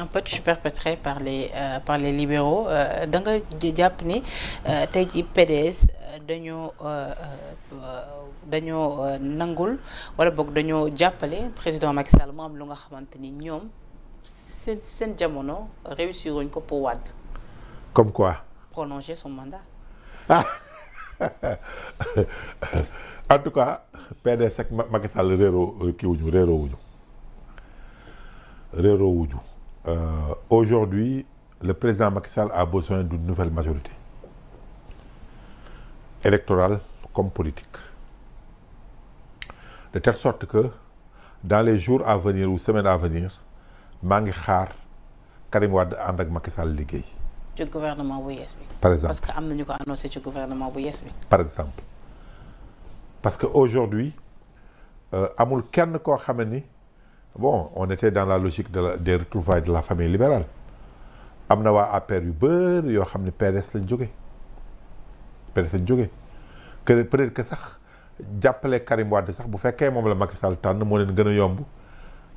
un putsch perpétré par les euh, par les euh, da nga jàpp ni euh, tey ci PDS euh, dañoo dañoo nangul wala boog dañoo jàppale président Macky Sall am lu nga xamante ni ñoom seen seen jamono réussir wuñ ko pour Wade. comme quoi. prolonger son mandat. Ah! en tout cas PDS ak Macky réeroo kii réeroo wuñu réeroo wuñu. euh, aujourd'hui le président Macky Sall a besoin d'une nouvelle majorité électorale comme politique de telle sorte que dans les jours à venir ou semaines à venir maa ngi xaar Karim Wade ànd ak Macky Sall liggéey. ci gouvernement par exemple parce que am na ñu ko annoncé ci gouvernement bu yees bi. par exemple parce que aujourd'hui euh, amul kenn koo xam ni. bon on était dans la logique de la des retrouvailles de la famille libérale am na waa APR yu bëri yoo xam ne PDS lañ jóge PDS lañ jóge que peut-être que sax jàppale Karim Wade sax bu fekkee moom la Macky Sall tànn moo leen gën a yomb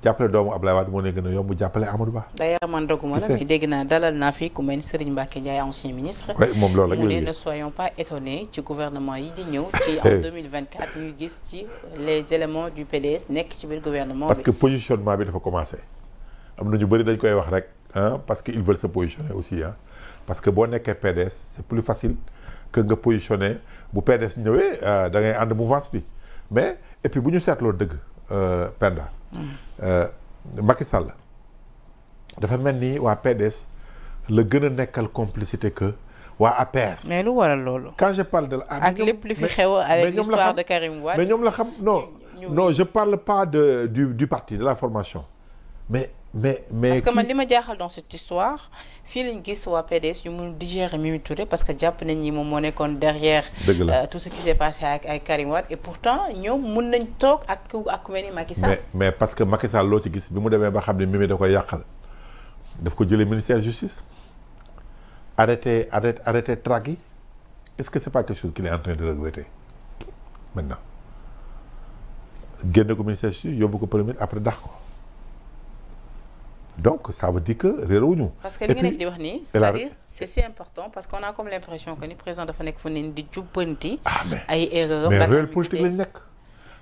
jàppale doomu Ablaye Wade moo leen gën a yomb jàppale Amadou Ba. d'ailleurs man la mais dégg naa dalal naa fi ku mel ni Serigne Mbacke ancien ministre. moom loolu mu ne ne soyons pas étonnés ci gouvernement yi di ñëw. ci en 2024 ñuy gis ci les éléments du PDS nekk ci biir gouvernement parce que positionnement bi dafa commencé am na ñu bëri dañ koy wax rek ah parce que ils veulent se positionner aussi parce que boo nekkee PDS c'est plus facile bu PDS euh, bi mais et puis seetloo dëgg euh, Penda. Mm. Euh, Macky Sall dafa mel ni waa PDS la gën a nekkal complicité que waa APR. mais lu waral loolu. quand je parle de la. ak lépp li fi xew avec l'histoire de Karim Wade mais ñoom la xam non non je parle pas de du du parti de la formation mais. mais mais parce que man li ma jaaxal dans cette histoire fii lañ gis waa PDS ñu mun digérer Mimi Touré parce que jàpp nañ ñi moom moo nekkoon derrière. dëgg la euh, tout ce qui s'est passé ak ay Karim et pourtant ñoom mun nañ toog ak ku ak ku mel ni Macky mais parce que Macky Sall loo ci gis bi mu demee ba xam ne Mimi da koy yàqal daf ko jëlee ministère justice arrêté arrêté arrêté traque yi est-ce que c'est pas quelque chose qu'il est en train de regretter maintenant génne ko ministère justice yóbbu ko après dax donc saa veut dire que réerawuñu. parce que li nga nekk di wax nii. c'est-à-dire c'est si important parce que on a comme l'impression que ni président dafa nekk fu ne di jubbanti. Ah, ay erreurs mais réel politique nekk.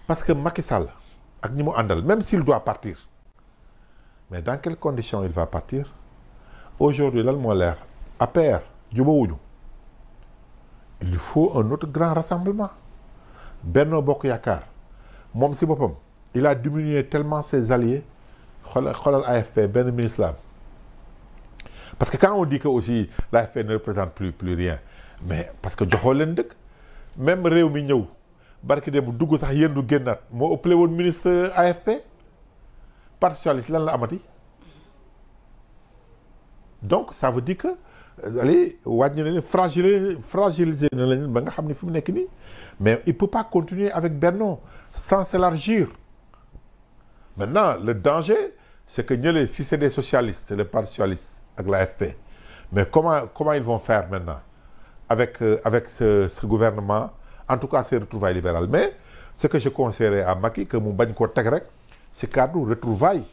parce que Macky ak ñi mu àndal même s'il doit partir mais dans quelles condition il va partir aujourd'hui lan moo leer APR jubawuñu il faut un autre grand rassemblement Benno Bokk Yaakaar moom si boppam il a diminué tellement ses alliés. xoolal xoolal AFP benn ministre la parce que quand on dit que aussi l'AFP ne représente plus plus rien mais parce que joxoo leen dëkk même réew mi ñëw barki dem dugg sax yéen du génnaat moo ëppale woon ministre AFP parti socialiste lan la amati donc ça veut dire que euh, allez wàññi na leen na ba nga xam ne fi mu nekk nii mais il peut pas continuer avec Benno sans s'élargir maintenant le danger c'est que ñële si c'est des socialistes le parti socialiste ak l'AFP mais comment comment ils vont faire maintenant avec euh, avec ce, gouvernement en tout cas ces retrouvailles libérales mais ce que je conseillerais à Macky que mu bañ koo teg rek si cadre retrouvailles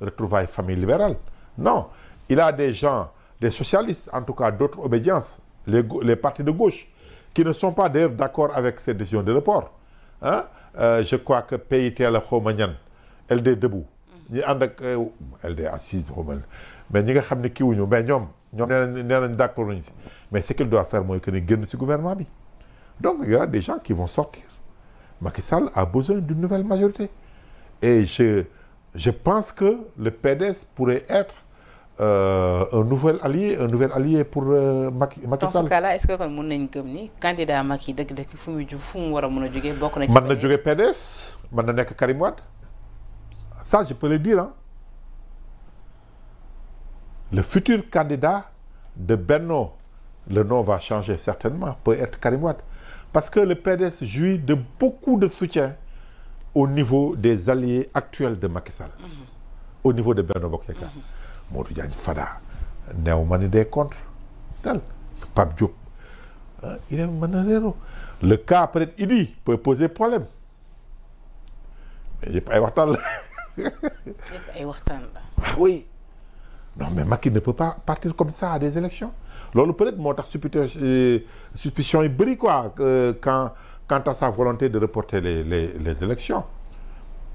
retrouvailles famille libérale non il a des gens des socialistes en tout cas d'autres obédiences les les partis de gauche qui ne sont pas d'ailleurs d'accord avec cette décision de report ah euh, je crois que PIT la xawma ñan LD Debout ñi ànd ak euh, LDA 6 xamal mais ñi nga xam ne kiwuñu mais ñoom ñoom nee nañ nee nañ d'accord mais ce qu'il doit faire mooy que ne génn si gouvernement bi donc il y aura des gens qui vont sortir Macky Sall a besoin d'une nouvelle majorité et je je pense que le PDS pourrait être Euh, un nouvel allié un nouvel allié pour euh, Macky Macky Sall. dans ce cas-là est-ce que kon mën nañ gëm ni candidat Macky dëgg-dëgg fu mu fu mu war a mën a jógee bokk na. ci PDS mën na jógee PDS mën na nekk Karim Ça, je peux le dire. Hein. Le futur candidat de Benno, le nom va changer certainement, peut être Karim Parce que le PDS jouit de beaucoup de soutien au niveau des alliés actuels de Macky Sall. Mm-hmm. Au niveau de Benno Bokyaka. Mm-hmm. Modou mm -hmm. Fada, Néomani des contre. Dal, Pape Diop. Il est Manarero. Le cas peut-être Idi peut poser problème. il pas important. ay waxtaan la. oui non mais Macky ne peut pas partir comme ça à des élections loolu peut-être moo tax euh, suspicion yi bëri quoi euh, quand quant à sa volonté de reporter les les élections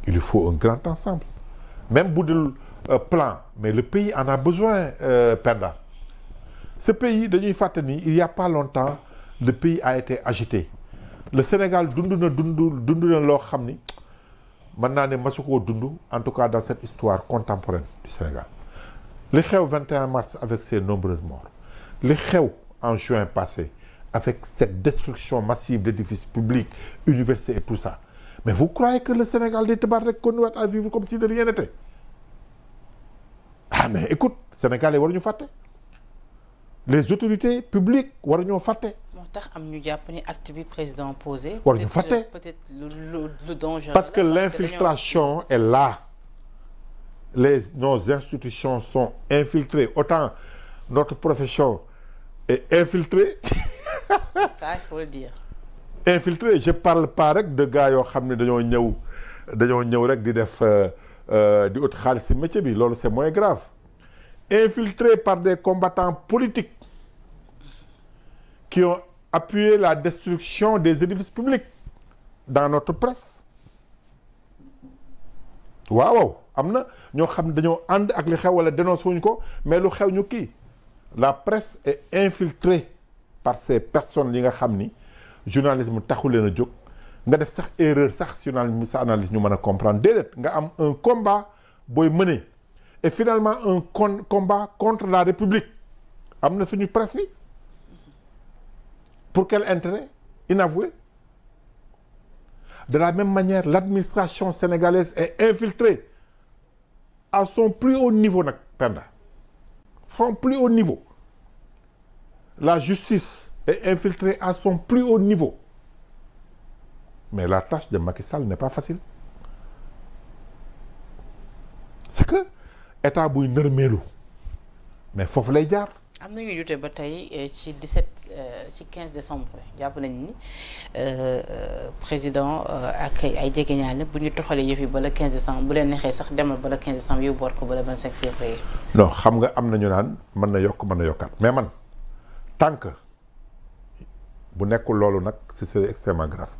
il faut un grand ensemble même bu dul euh, plan mais le pays en a besoin euh, Penda ce pays dañuy fàtte ni il y a pas longtemps le pays a été agité le Sénégal dund na dund dund na loo xam ni. mën naa ne masu koo dund en tout cas dans cette histoire contemporaine du Sénégal li xew 21 mars avec ses nombreuses morts li xew en juin passé avec cette destruction massive d'édifices publics universités et tout ça mais vous croyez que le Sénégal day tabaat rek continuer à vivre comme si de rien n'était ah mais écoute Sénégalais waruñu fàtte les autorités publiques ñoo fàtte tax am ñu jàpp ni acte président posé. war ñu peut-être lu lu dangereux. parce que l'infiltration est là les nos institutions sont infiltrées autant notre profession est infiltrée. ça le dire. infiltrée je parle pas rek de gars yoo xam ne dañoo ñëw dañoo ñëw rek di def euh, euh, di ut xaalis si métier bi loolu c'est moins grave. infiltrés par des combattants politiques qui ont appuyer la destruction des édifices publics dans notre presse waaw am na ñoo xam ne dañoo ànd ak li xew wala dénoncé wuñ ko mais lu xew ñu kii la presse et infiltrée par ces personnes yi nga xam ni journalisme taxu leen a jóg nga def sax erreur sax si sa analyse ñu mën a comprendre déedéet nga am un combat booy mëne et finalement un con combat contre la république am na suñu presse bi Pour quel intérêt inavoué? De la même manière, l'administration sénégalaise est infiltrée à son plus haut niveau nag Penda. Son plus haut niveau. La justice est infiltrée à son plus haut niveau. Mais la tâche de Macky Sall n'est pas facile. C'est que état buy nërmeelu mais foofu lay jaar am na ñu jotee ba tey euh, ci 17 euh, ci 15 décembre jàpp nañ ni euh, président ak ay jegeñaale bu ñu toxalee yëf yi ba le 15 décembre bu leen neexee sax demal ba le 15 décembre yóbbu war ko ba le 25 février. non xam nga am na ñu naan mën na yokk mën na yokkaat mais man tant que bu nekkul loolu nag ce serait extrêmement grave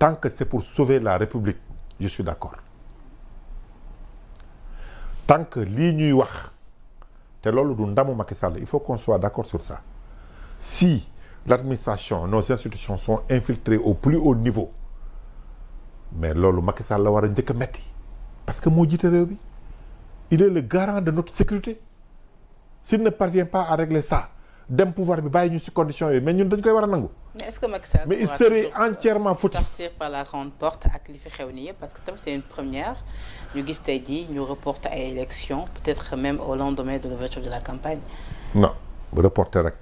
tant que c'est pour sauver la république je suis d'accord tant lii ñuy wax. te loolu du ndamu Macky Sall il faut on soit d'accord sur ça si l'administration nos institutions sont infiltrées au plus haut niveau mais loolu Macky Sall la war a njëkk a metti parce que moo jiite réew bi il est le garant de notre sécurité s'il ne parvient pas à régler ça dem pouvoir bi bàyyi ñu ci condition yi mais ñun dañ koy war a nangu. mais est-ce que Macky Sall mais il serait euh, entièrement foutu par la grande porte ak li fi xew nii yëpp parce que tam c'est une première ñu gis tey jii ñu reporter ay élections peut-être même au lendemain de l'ouverture de la campagne. non reporter rek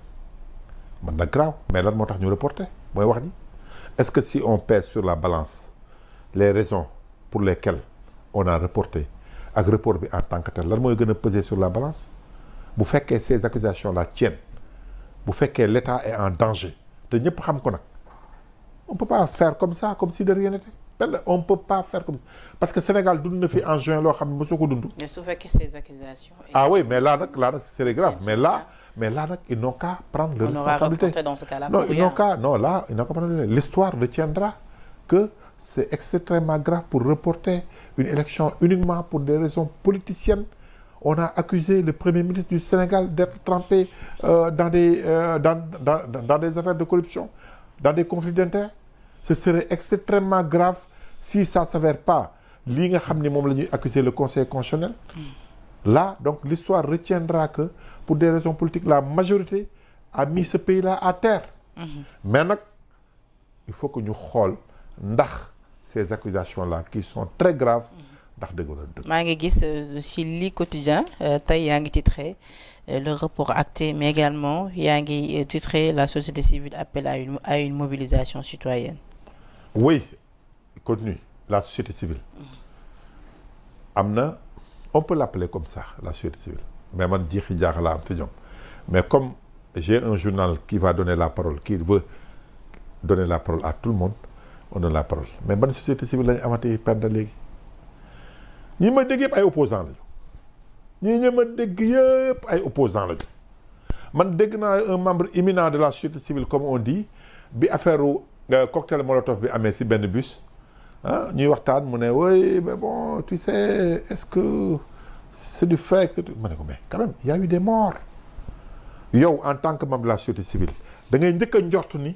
man na grave. mais lan moo tax ñu reporter mooy wax ji est-ce que si on pèse sur la balance les raisons pour lesquelles on a reporté ak report bi en tant que tel lan mooy gën a peser sur la balance bu fekkee ces accusations là tiennent. bu fekkee l'État est en danger te ñëpp xam ko nag on peut pas faire comme ça comme si de rien n'était benn on peut pas faire comme parce que Sénégal dund na fi en juin loo xam ne mosoo ko dund. mais su fekkee ces ah oui mais la nag là nag c'est grave mais la mais là nag ils n'ont qu'à prendre leur responsabilité non ils n'ont qu'à non là ils n'ont qu'à prendre retiendra que c'est extrêmement grave pour reporter une élection uniquement pour des raisons politiciennes on a accusé le premier ministre du Sénégal d'être trempé euh, dans des euh, dans, dans dans des affaires de corruption dans des conflits d'intérêts ce serait extrêmement grave si ça s'avère pas lii nga xam ni moom la ñuy accuser le conseil constitutionnel hmm. là donc l'histoire retiendra que pour des raisons politiques la majorité a mis ce pays là à terre hmm. mais nag il faut que ñu xool ndax ces accusations là qui sont très graves hmm. ndax dëgg la dëgg maa ngi gis euh, ci li quotidien euh, tey yaa ngi titré euh, le report acté mais également yaa ngi titré la société civile appelle à une mobilisation citoyenne. oui continue la société civile mm-hmm. am na on peut l'appeler comme ça la société civile mais man jiixi jaaxa laa am si ñoom mais comme j'ai un journal qui va donner la parole qui veut donner la parole à tout le monde on donne la parole mais ban société civile lañu amatee perte léegi. ñi ma dégg yëpp ay opposant lañu ñi ñi ma dégg yëpp ay opposant lañu man dégg naa un membre éminent de la société civile comme on dit bi affaire euh, cocktail molotov bi amee si benn bus ah ñuy waxtaan mu ne oui mais bon tu sais est-ce que c'est du fait que ma ne ko mais quand même y a yow en tant que membre de la société civile da ngay njëkk a njort ni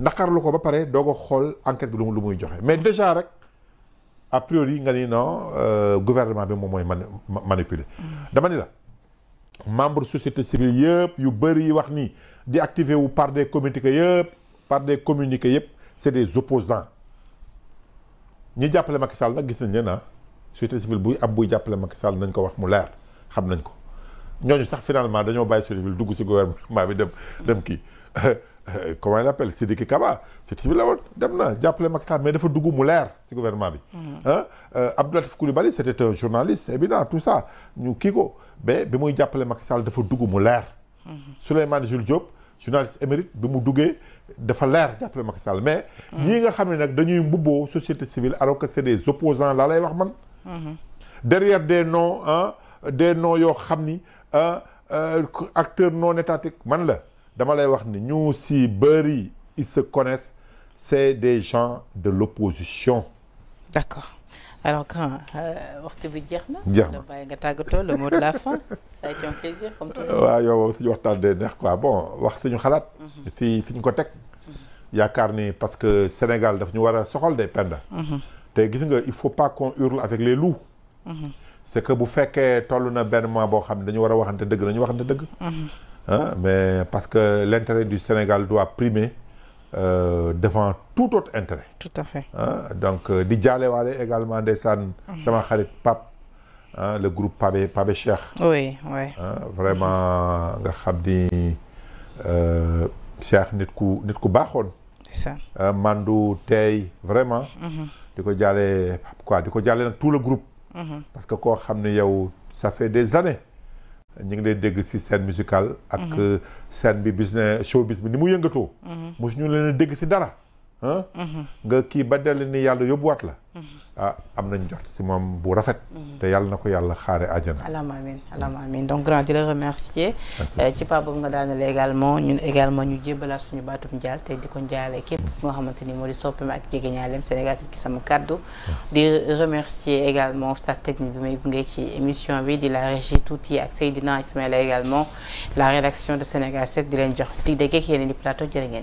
naqarlu ko ba pare doog a xool enquête bi lu muy joxe mais déjà rek a priori nga ni non euh, gouvernement bi moom mooy manipuler dama ni la membre société civile yëpp yu bëri yi wax nii di activé wu par des communiqués yëpp par des communiqués yëpp c'est des opposants ñi jàppale Macky Sall nag gis nañ leen ah société civile buy am buy jàppale Macky Sall nañ ko wax mu leer xam nañ ko ñooñu sax finalement dañoo bàyyi société civile dugg si gouvernement bi dem dem kii Euh, comment il appelle Sidiki Kaba ci la woon dem na jàppale Macky mais dafa dugg mu leer ci gouvernement bi. Mm-hmm. Euh, Abdou Latif Coulibaly c' était un journaliste évident tout ça ñu kii ko mais bi muy jàppale Macky Sall dafa dugg mu leer. Mm-hmm. Souleymane Jules Diop journaliste émérite bi mu duggee dafa leer jàppale Macky Sall mais. Mm-hmm. ñii nga xam ne nag dañuy mbubboo société civile alors que c' est des opposants laa lay wax man. derrière de noms des non yoo xam ni euh, acteur non étatiques man la. dama lay wax ni ñu si bari ils se connaissent c'est des gens de l'opposition d'accord alors quand euh, jeex na. jeex na bàyyi nga tàggatoo la fin. a été un plaisir comme toujours. waaw yow suñu waxtaan de neex quoi bon wax suñu xalaat. si mhm. fi ñu ko teg. Mhm. yaakaar ni parce que Sénégal daf ñu war a soxal des penda. Mhm. te gis nga il faut pas qu'on hurle avec les loups. c'est que bu fekkee toll na benn mois boo xam ne dañu war a waxante dëgg dañu waxante dëgg. Hein, mais parce que l'intérêt du Sénégal doit primer euh, devant tout autre intérêt. Tout à fait. Hein, donc euh, di jaalewaale également ndeysaan mhm. sama xarit Pape le groupe Pape Pape Cheikh. oui vraiment nga xam ni euh, Cheikh nit ku nit ku baaxoon. c'est ça. Mandu tey vraiment. Mhm. di ko jaale quoi di ko jaale nag tout le groupe. Mhm. parce que koo xam ne yow sa fait des années. ñu ngi lay dégg si scène musicale. ak mhm. scène bi business showbiz bi ni mu yëngatoo. Mhm. mosu ñu leen dégg si dara. Mhm. nga kii ba dellu ni yàlla yóbbuwaat la. ah am nañ jot si moom bu rafet. Mhm. te yàlla na ko yàlla xaare àjjana. alaama amiin alaama amiin donc grand di la remercier. Eh, ci paa boobu nga daanale également ñun également ñu jébbalaat suñu baatum jaal te di ko njaale képp nga mhm. xamante ni moo di soppeem ak jegeñaaleem Sénégal ci sam kaddu. Mhm. di remercier également staff technique bi may gunge ci émission bi di la régie tuuti ak Seydina Ismaïla également la rédaction de Sénégal 7 di leen jox di dégg ak yeneen di plateau